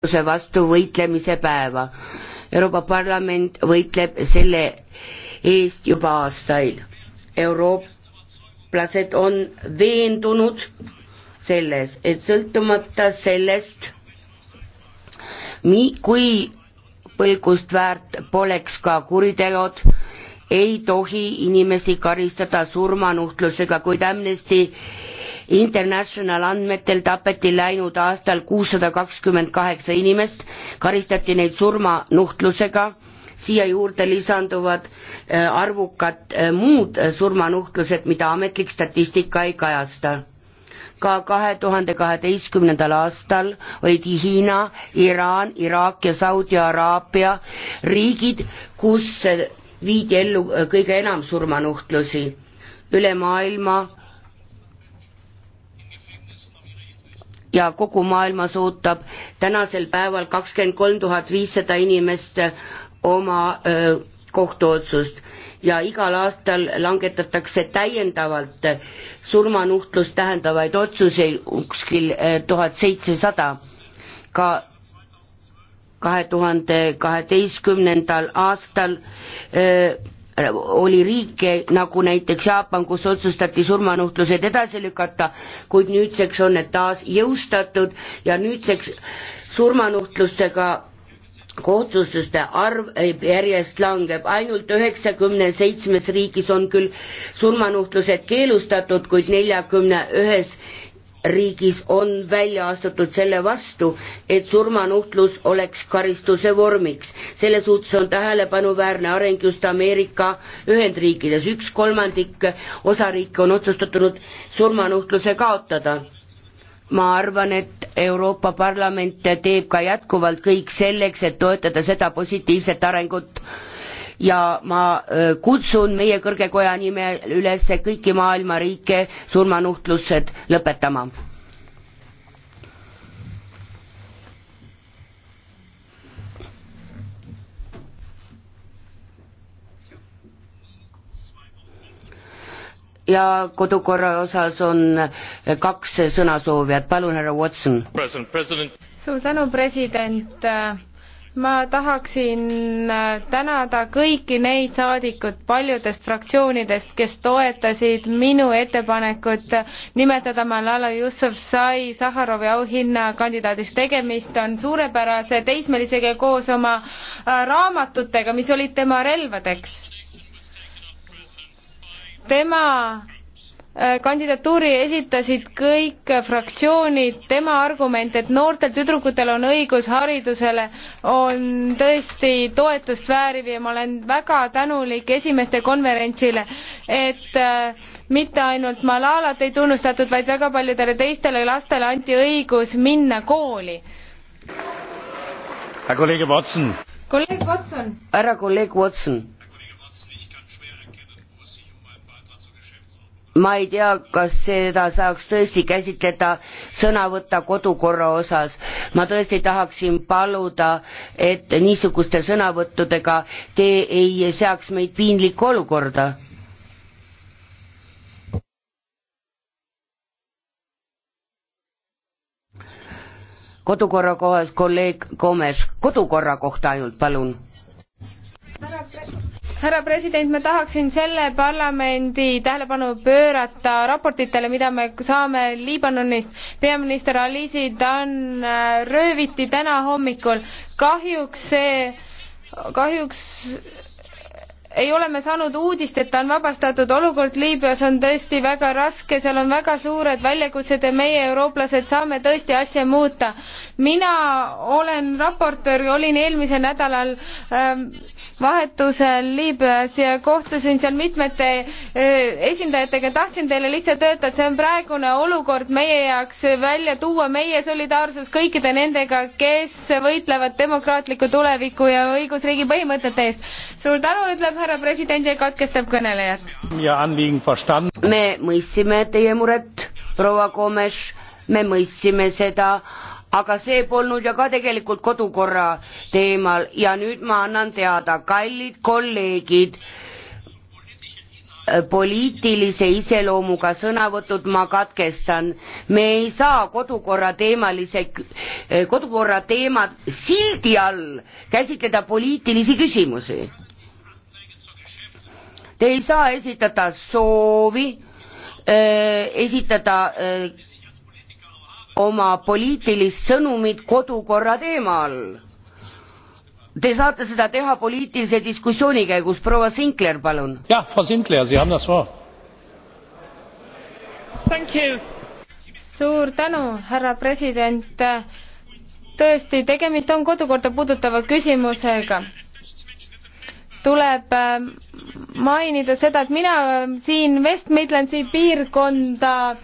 vaesuse vastu võitlemise päeva. Euroopa Parlament võitleb selle eest juba aastaid. eurooplased on veendunud selles, et sõltumata sellest, kui põlgust väärt poleks ka kuriteod, ei tohi inimesi karistada surmanuhtlusega, kuid Amnesty International andmetel tapeti läinud aastal kuussada kakskümmend kaheksa inimest, karistati neid surmanuhtlusega, siia juurde lisanduvad äh, arvukad äh, muud surmanuhtlused, mida ametlik statistika ei kajasta ka kahe tuhande kaheteistkümnendal aastal olid Hiina, Iraan, Iraak ja Saudi Araabia riigid, kus äh, viidi ellu kõige enam surmanuhtlusi. üle maailma ja kogu maailmas ootab tänasel päeval kakskümmend kolm tuhat viissada inimest oma öö, kohtuotsust ja igal aastal langetatakse täiendavalt surmanuhtlust tähendavaid otsuseid kuskil tuhat seitsesada ka kahe tuhande kaheteistkümnendal aastal öö, oli riike nagu näiteks Jaapan, kus otsustati surmanuhtlused edasi lükata, kuid nüüdseks on need taas jõustatud ja nüüdseks surmanuhtlustega kohtustuste arv järjest langeb, ainult üheksakümne seitsmes riigis on küll surmanuhtlused keelustatud, kuid neljakümne ühes riigis on välja astutud selle vastu, et surmanuhtlus oleks karistuse vormiks. selles suhtes on tähelepanuväärne areng just Ameerika Ühendriikides, üks kolmandik osariike on otsustatud surmanuhtluse kaotada. ma arvan, et Euroopa Parlament teeb ka jätkuvalt kõik selleks, et toetada seda positiivset arengut ja ma äh, kutsun meie kõrge koja nimel üles kõiki maailma riike surmanuhtlused lõpetama. ja kodukorra osas on kaks sõnasoovijat, palun härra Watson. suur tänu, president ma tahaksin äh, tänada kõiki neid saadikud paljudest fraktsioonidest, kes toetasid minu ettepanekut nimetada Malala Yousafzai Saharovi auhinna kandidaadiks. tegemist on suurepärase teismelisega koos oma äh, raamatutega, mis olid tema relvadeks. tema Äh, kandidatuuri esitasid kõik fraktsioonid, tema argument, et noortel tüdrukutel on õigus haridusele, on tõesti toetust vääriv ja ma olen väga tänulik esimeste konverentsile, et äh, mitte ainult Malalat ei tunnustatud, vaid väga paljudele teistele lastele anti õigus minna kooli. kolleeg Watson. kolleeg Watson. härra kolleeg Watson ma ei tea, kas seda saaks tõesti käsitleda sõna võtta kodukorra osas. ma tõesti tahaksin paluda, et niisuguste sõnavõttudega te ei seaks meid piinlikku olukorda. kodukorra kohas kolleeg Gomes, kodukorra kohta ainult palun härra president, ma tahaksin selle parlamendi tähelepanu pöörata raportitele, mida me saame Liibanonist. peaminister Alisi Tan äh, rööviti täna hommikul. kahjuks see, kahjuks ei ole me saanud uudist, et ta on vabastatud, olukord Liibüas on tõesti väga raske, seal on väga suured väljakutsed ja meie, eurooplased, saame tõesti asja muuta mina olen raportöör ja olin eelmisel nädalal ähm, vahetusel Liibüas ja kohtusin seal mitmete äh, esindajatega, tahtsin teile lihtsalt öelda, et see on praegune olukord meie jaoks välja tuua, meie solidaarsus kõikide nendega, kes võitlevad demokraatliku tuleviku ja õigusriigi põhimõtete eest. suur tänu, ütleb härra president ja katkestab kõnelejat. me mõistsime teie muret, proua Komes, me mõistsime seda aga see polnud ju ka tegelikult kodukorra teemal ja nüüd ma annan teada, kallid kolleegid, poliitilise iseloomuga sõnavõtud ma katkestan. me ei saa kodukorra teemalise, kodukorra teemat sildi all käsitleda poliitilisi küsimusi. Te ei saa esitada soovi, äh, esitada öö, äh, oma poliitilist sõnumit kodukorra teemal. Te saate seda teha poliitilise diskussiooni käigus, proua Sinkler, palun. jah, proua Sinkler, Sie haben das Wort. suur tänu, härra president. tõesti, tegemist on kodukorda puudutava küsimusega tuleb äh, mainida seda, et mina äh, siin West Midlandsi piirkonda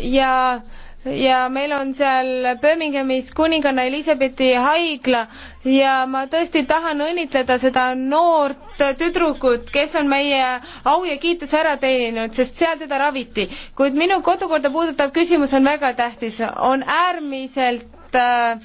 ja ja meil on seal Birminghamis kuninganna Elizabethi haigla ja ma tõesti tahan õnnitleda seda noort tüdrukut, kes on meie au ja kiituse ära teeninud, sest seal teda raviti. kuid minu kodukorda puudutav küsimus on väga tähtis, on äärmiselt äh,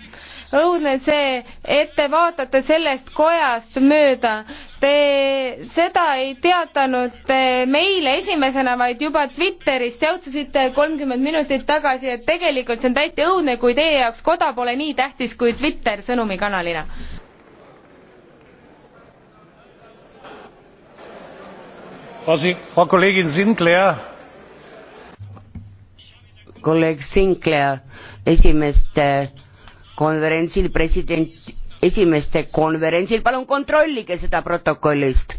õudne see, et te vaatate sellest kojast mööda Te seda ei teatanud te meile esimesena, vaid juba Twitteris säutsusite kolmkümmend minutit tagasi, et tegelikult see on täiesti õudne, kui teie jaoks koda pole nii tähtis kui Twitter sõnumikanalina. kolleeg Sinclair esimest konverentsil president esimeste konverentsil, palun kontrollige seda protokollist.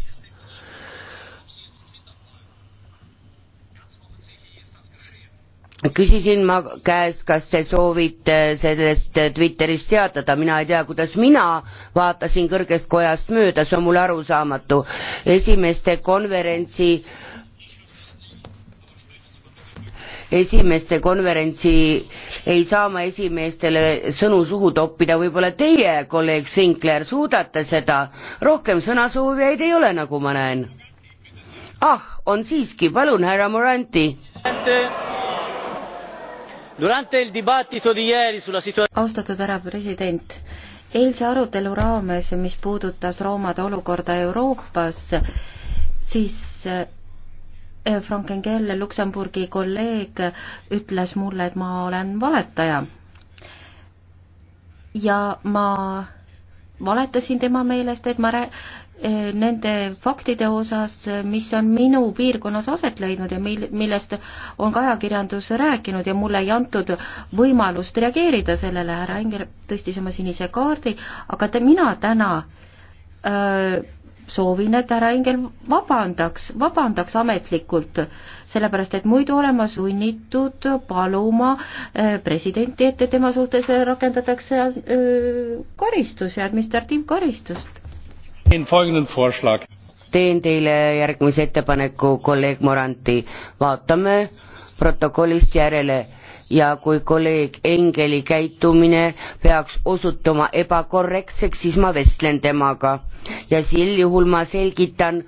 küsisin ma käest, kas te soovite sellest Twitterist teatada, mina ei tea, kuidas mina vaatasin kõrgest kojast mööda, see on mulle arusaamatu. esimeste konverentsi äh, esimeeste konverentsi ei saa ma esimeestele sõnu suhu toppida, võib-olla teie, kolleeg Sinkler, suudate seda, rohkem sõnasoovijaid ei ole, nagu ma näen. ah, on siiski, palun, härra Moranti. austatud härra president eilse arutelu raames, mis puudutas roomade olukorda Euroopas, siis Eh, Franken Kell, Luksemburgi kolleeg, ütles mulle, et ma olen valetaja. ja ma valetasin tema meelest, et ma rää-, eh, nende faktide osas, mis on minu piirkonnas aset leidnud ja mil-, millest on ka ajakirjandus rääkinud ja mulle ei antud võimalust reageerida sellele, härra Enger tõstis oma sinise kaardi, aga te, mina täna öö, soovin, et härra Engel vabandaks, vabandaks ametlikult, sellepärast et muidu olen ma sunnitud paluma äh, presidenti, et tema suhtes äh, rakendatakse äh, karistus ja administratiivkaristust. teen teile järgmise ettepaneku, kolleeg Moranti, vaatame protokollist järele ja kui kolleeg Engeli käitumine peaks osutuma ebakorrektseks, siis ma vestlen temaga. ja sel juhul ma selgitan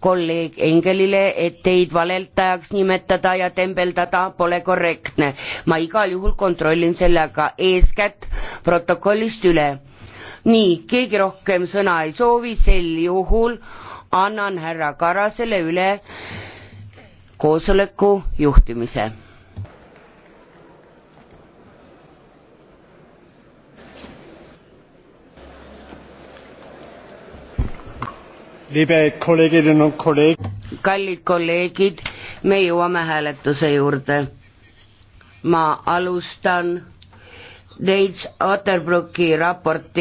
kolleeg Engelile, et teid valeltajaks nimetada ja tembeldada pole korrektne. ma igal juhul kontrollin sellega eeskätt protokollist üle. nii, keegi rohkem sõna ei soovi, sel juhul annan härra Karasele üle koosoleku juhtimise. kallid kolleegid, me jõuame hääletuse juurde. ma alustan Neits Otterbrucki raporti